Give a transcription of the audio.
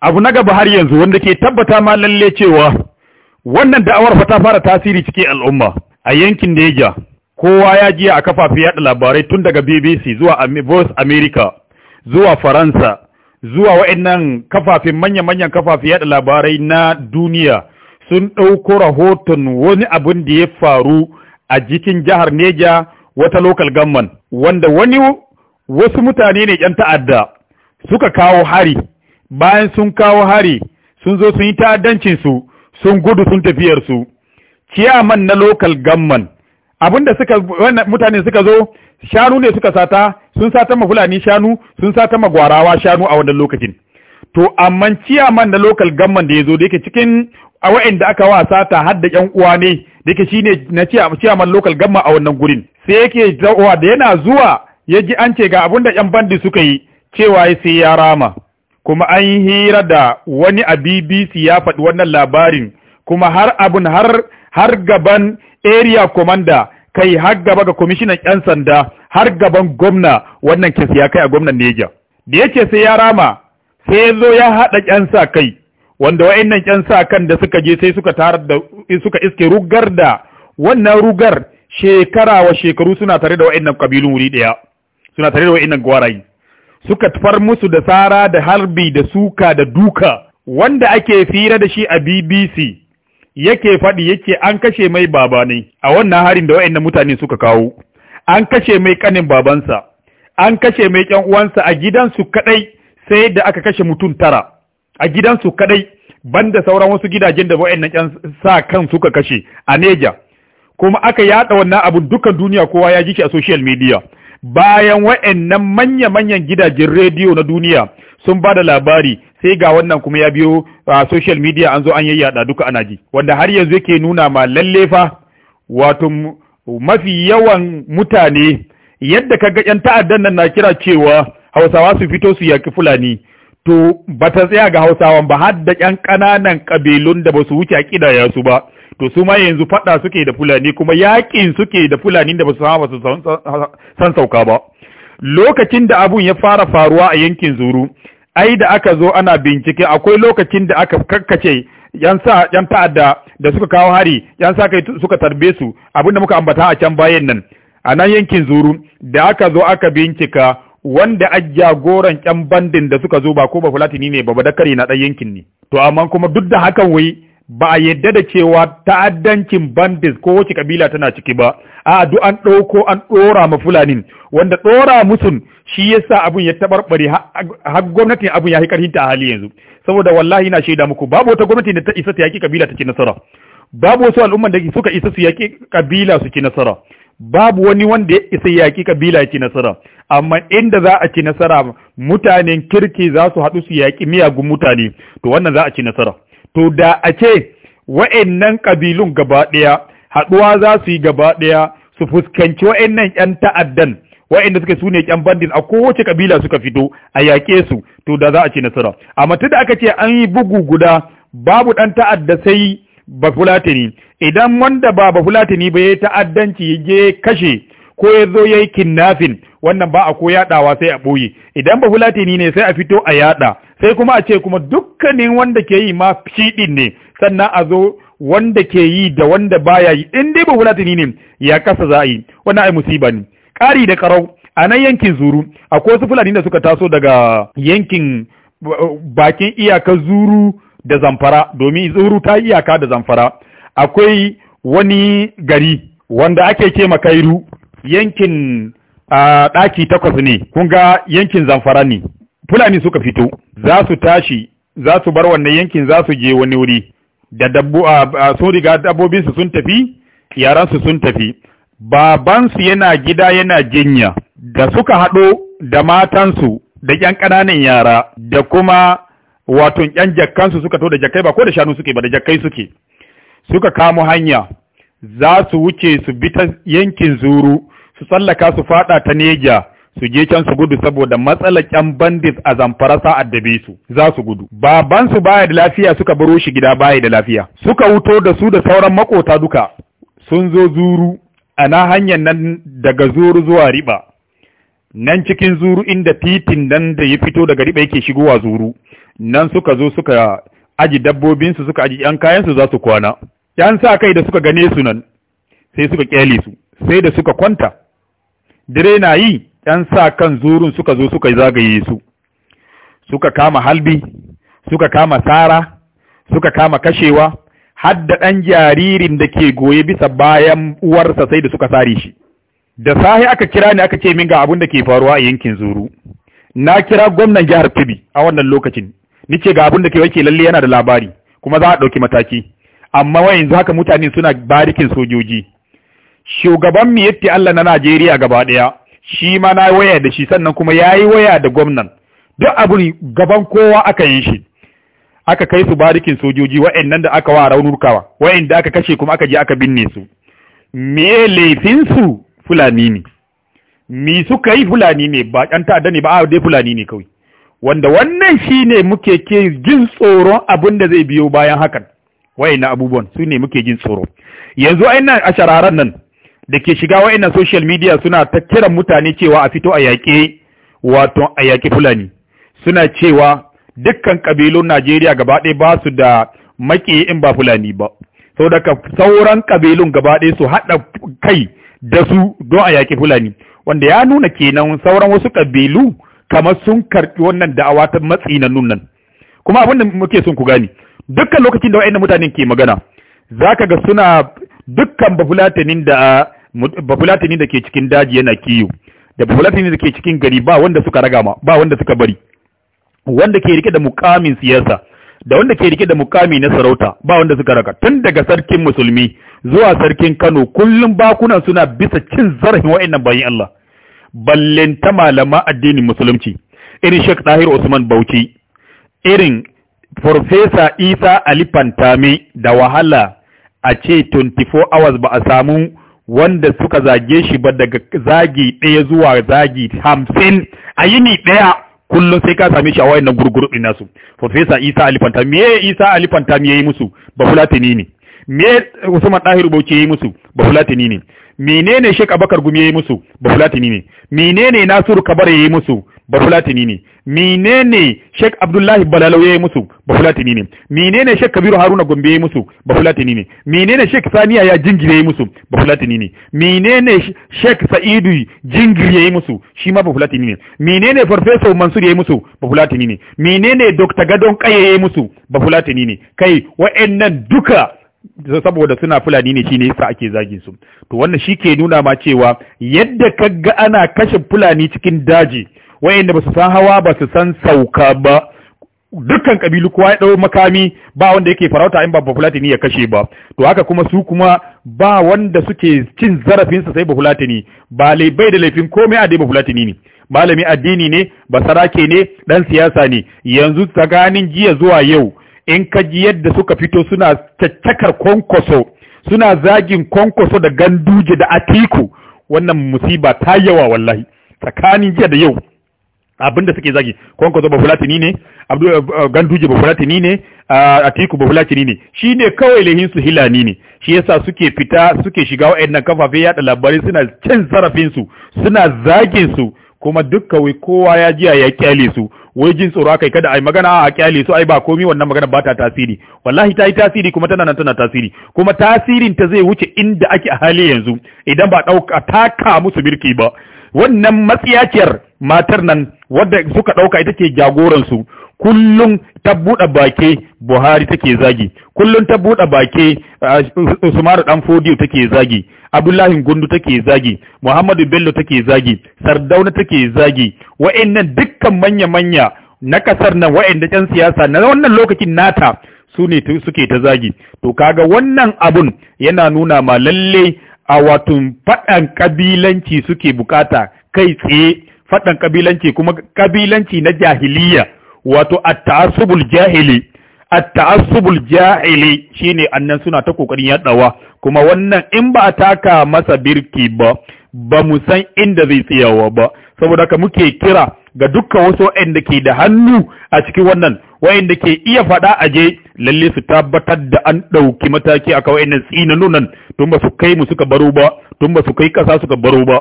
abu na gaba har yanzu wanda ke tabbata ma lalle cewa wannan da'awar fa ta fara tasiri cikin al'umma a yankin Neja kowa ya jiya a kafafen yaɗa labarai tun daga BBC zuwa Voice America zuwa Faransa zuwa wa'annan kafafen manya-manyan kafafen yaɗa labarai na duniya sun ɗauko rahoton wani abin da ya faru a jikin jihar Neja wata local gamman wanda wani wasu mutane ne 'yan ta'adda suka kawo hari bayan sun kawo hari sun zo sun yi ta'addancinsu sun gudu sun tafiyarsu ciyaman na local gamman abinda suka wannan mutane suka zo shanu ne suka sata sun sata ma fulani shanu sun sata ma gwarawa shanu a wannan lokacin to amma ciyaman na local gamman da ya zo da yake cikin a wa'anda aka wa sata har da yan uwa ne da yake shine na ciyaman local gamman a wannan gurin sai yake da yana zuwa ya ji an ce ga abin da yan bandi suka yi cewa sai ya rama kuma an yi hira da wani a BBC ya faɗi wannan labarin kuma har abin har har gaban area commander kai har gaba ga kwamishinan 'yan sanda har gaban gwamna wannan kes ya kai a gwamnan Neja. Da yake sai ya rama sai ya zo ya haɗa 'yan sa kai wanda wa'annan 'yan sa kan da suka je sai suka tarar da suka iske rugar da wannan rugar shekara wa shekaru suna tare da wa'annan kabilun wuri ɗaya suna tare da wa'annan gwarayi suka tafar musu da tsara da harbi da suka da duka wanda ake fira da shi a BBC yake faɗi yake an kashe mai baba ne a wannan harin da wa'annan mutane suka kawo an kashe mai kanin babansa an kashe mai ƴan uwansa a gidansu kadai sai da aka kashe mutum tara a gidansu kadai banda sauran wasu gidajen da wa'annan ƴan sa kan suka kashe a Neja kuma aka yada wannan abu dukan duniya kowa ya ji shi a social media bayan wa'annan manya-manyan gidajen rediyo na duniya sun ba da labari sai ga wannan kuma ya biyo a social media an zo an yayyada duka ana ji wanda har yanzu yake nuna ma lalle fa wato mafi yawan mutane yadda ka ga yan ta'addan nan na kira cewa Hausawa su fito su yaki Fulani to ba ta tsaya ga Hausawan ba har da yan ƙananan kabilun da ba su wuce a ya su ba to su ma yanzu faɗa suke da fulani kuma yakin suke da fulani da basu samu san sauka ba lokacin da abun ya fara faruwa a yankin zuru ai da aka zo ana bincike akwai lokacin da aka kakkace yan sa yan ta'adda da suka kawo hari yan sa kai suka tarbe su abin da muka ambata a can bayan nan a nan yankin zuru da aka zo aka bincika wanda ajja goron yan bandin da suka zo ba ko ba fulatini ne ba ba dakare na ɗan yankin ne to amma kuma duk da hakan wai ba a yadda da cewa ta'addancin bandit ko wace kabila tana ciki ba a duk an ɗauko an ɗora ma fulanin wanda ɗora mutum shi yasa abin ya tabarbare har gwamnatin abun ya yi karhin ta hali yanzu saboda wallahi na shaida muku babu wata gwamnati da ta isa ta yaki kabila ta ci nasara babu wasu al'umman da suka isa su yaki kabila su ci nasara babu wani wanda ya isa yaƙi kabila ya ci nasara amma inda za a ci nasara mutanen kirki za su haɗu su yaƙi miyagun mutane to wannan za a ci nasara to da a ce wa'annan ƙabilun gaba ɗaya haɗuwa za su yi gaba ɗaya su fuskanci wa'annan 'yan ta'addan wa'anda suka sune yan bandin a kowace ƙabila suka fito a yaƙe su to da za a ci nasara A matu da aka ce an yi bugu guda babu ɗan ta'adda sai bafulatani idan wanda ba bafulatani ba ya yi ta'addanci ya je kashe ko ya zo ya yi kinnafin wannan ba a ko yaɗawa sai a ɓoye idan bafulatani ne sai a fito a yaɗa sai kuma a ce kuma dukkanin wanda ke yi ma fiɗin ne sannan a zo wanda ke yi da wanda baya yi in dai ba bahulatani ne ya kasa za a yi wannan ai musiba ne ƙari da ƙarau a nan yankin zuru akwai wasu fulani da suka taso daga yankin bakin iyaka zuru da zamfara domin zuru ta iyaka da zamfara akwai wani gari wanda ake ce kairu yankin ɗaki takwas ne kun ga yankin zamfara ne fulani suka fito za su tashi za su bar wannan yankin za su je wani wuri da dabbo sun riga dabbobin su sun tafi yaran sun tafi baban yana gida yana jinya da suka haɗo da matansu da ƴan ƙananan yara da kuma wato ƴan jakkansu suka to da jakkai ba ko da shanu suke ba da jakkai suke suka kamo hanya za su wuce su bi ta yankin zuru su tsallaka su faɗa ta neja su je can su gudu saboda matsalar kyan bandit a zamfara sa addabe su za su gudu babansu baya da lafiya suka baro shi gida baya da lafiya suka wuto da su da sauran makota duka sun zo zuru ana hanyar nan daga zuru zuwa riba nan cikin zuru inda titin nan da ya fito daga riba yake shigowa zuru nan suka zo suka aji dabbobinsu suka aji yan kayansu za su kwana yan sa kai da suka gane su nan sai suka kyale su sai da suka kwanta dire na yi Ɗan sa kan zurun suka zo suka zagaye su, suka kama halbi, suka kama tsara, suka kama kashewa, hadda ɗan jaririn da ke goye bisa bayan uwarsa sai da suka sare shi. Da sahi aka kira ni aka ce min ga abin da ke faruwa a yankin zuru. Na kira gwamnan jihar tibi a wannan lokacin, ni ce ga abin da ke wake lalle yana da labari, kuma za a ɗauki mataki. Amma wayan haka mutane suna barikin sojoji. Shugaban yadda Allah na Najeriya gaba ɗaya, shi ma na waya da shi sannan kuma ya yi waya da gwamnan duk abin gaban kowa aka yin shi aka kai su barikin sojoji wa'annan da aka wa raunurkawa da aka kashe kuma aka je aka binne su me laifin su fulani ne Me suka yi fulani ne ba ƴan ta'adda ne ba a dai fulani ne kawai wanda wannan shine muke ke jin tsoron abin da zai biyo bayan hakan wa'annan abubuwan su ne muke jin tsoro yanzu ai a shararan nan da ke shiga wa'annan social media suna ta kiran mutane cewa a fito a yaƙe wato a yaƙi fulani suna cewa dukkan ƙabilun Najeriya gaba ɗaya ba su da maƙiyi in ba fulani ba sau daga sauran ƙabilun gaba ɗaya su haɗa kai da su don a yaƙi fulani wanda ya nuna kenan sauran wasu ƙabilu kamar sun karɓi wannan da'awa ta matsi na nan kuma abin da muke son ku gani dukkan lokacin da wa'annan mutanen ke magana zaka ga suna dukkan bafulatanin da bafulatani da ke cikin daji yana kiyo da bafulatani da ke cikin gari ba wanda suka raga ma ba wanda suka bari wanda ke rike da mukamin siyasa da wanda ke rike da mukami na sarauta ba wanda suka raga tun daga sarkin musulmi zuwa sarkin Kano kullum bakuna suna bisa cin zarafin wa'annan bayin Allah ballen ta malama addinin musulunci irin Sheikh Tahir Usman Bauchi irin Professor Isa Ali Fantami da wahala a ce 24 hours ba a samu wanda suka zage shi ba daga zagi ɗaya zuwa zagi hamsin a yini ɗaya kullum sai ka same shi a wayannan gurgurɗi nasu farfesa isa alifanta me isa alifanta me yi musu ba fulatini ne me usman ɗahiru bauchi ya yi musu ba fulatini ne menene Sheikh Abakar Gumi yayi musu Fulatini ne menene Nasiru Kabare yayi musu Fulatini ne menene Sheikh Abdullahi Balalau yayi musu Fulatini ne menene Sheikh Kabiru Haruna Gombe yayi musu Fulatini ne menene Sheikh Saniya ya jingire yayi musu Fulatini ne menene Sheikh Sa'idu jingire yayi musu shi ma Fulatini ne menene Professor Mansur yayi musu Fulatini ne menene Dr Gadon Kaye yayi musu Fulatini ne kai wa'annan duka saboda suna fulani ne shine yasa ake zagin su to wannan shi ke nuna ma cewa yadda ka ga ana kashe fulani cikin daji wayanda ba su san hawa ba su san sauka ba dukkan kabilu kowa ya dau makami ba wanda yake farauta in ba bafulatini ya kashe ba to haka kuma su kuma ba wanda suke cin zarafinsa sai bafulatini ba bai da laifin komai a dai bafulatini ne malami addini ne basarake ne dan siyasa ne yanzu tsakanin jiya zuwa yau in ka ji yadda suka fito suna caccakar kwankwaso suna zagin kwankwaso da ganduje da atiku wannan musiba ta yawa wallahi tsakanin jiya da yau abinda suke zagi kwankwaso ba ne eh, eh, ganduje ba ne atiku ba ne shi ne kawai lehin su hilani ne shi yasa suke fita suke shiga wa'annan kafafe yaɗa labarai suna cin zarafinsu suna zagin su kuma dukka kowa ya jiya ya kyale su wai jin tsoro akai kada ai magana a kyale su ai ba komi wannan magana ba ta tasiri wallahi ta yi tasiri kuma tana nan tana tasiri kuma tasirin ta zai wuce inda ake a hali yanzu idan ba dauka taka musu birki ba wannan matsiyaciyar matar nan wadda suka ɗauka ita ce jagoransu. kullum ta buɗe bake Buhari take zagi kullum ta buɗe bake Usmanu dan Fodiyo take zagi Abdullahi Gundu take zagi Muhammadu Bello take zagi Sardauna take zagi wa'annan dukkan manya-manya na kasar nan wa'anda ƴan siyasa na wannan lokacin nata su ne suke ta zagi to kaga wannan abun yana nuna ma lalle a watun faɗan kabilanci suke bukata kai tsaye faɗan kabilanci kuma kabilanci na jahiliya wato at-ta'assubul jahili at-ta'assubul jahili shine annan suna ta kokarin yaɗawa kuma wannan in ba a taka masa birki ba ba mu san inda zai tsayawa ba saboda haka muke kira ga dukkan wasu waɗanda ke da hannu a cikin wannan waɗanda ke iya faɗa a je lalle su tabbatar da an ɗauki mataki a kawai nan tsinanu nan tun ba su kai mu suka baro ba tun ba su kai ƙasa suka baro ba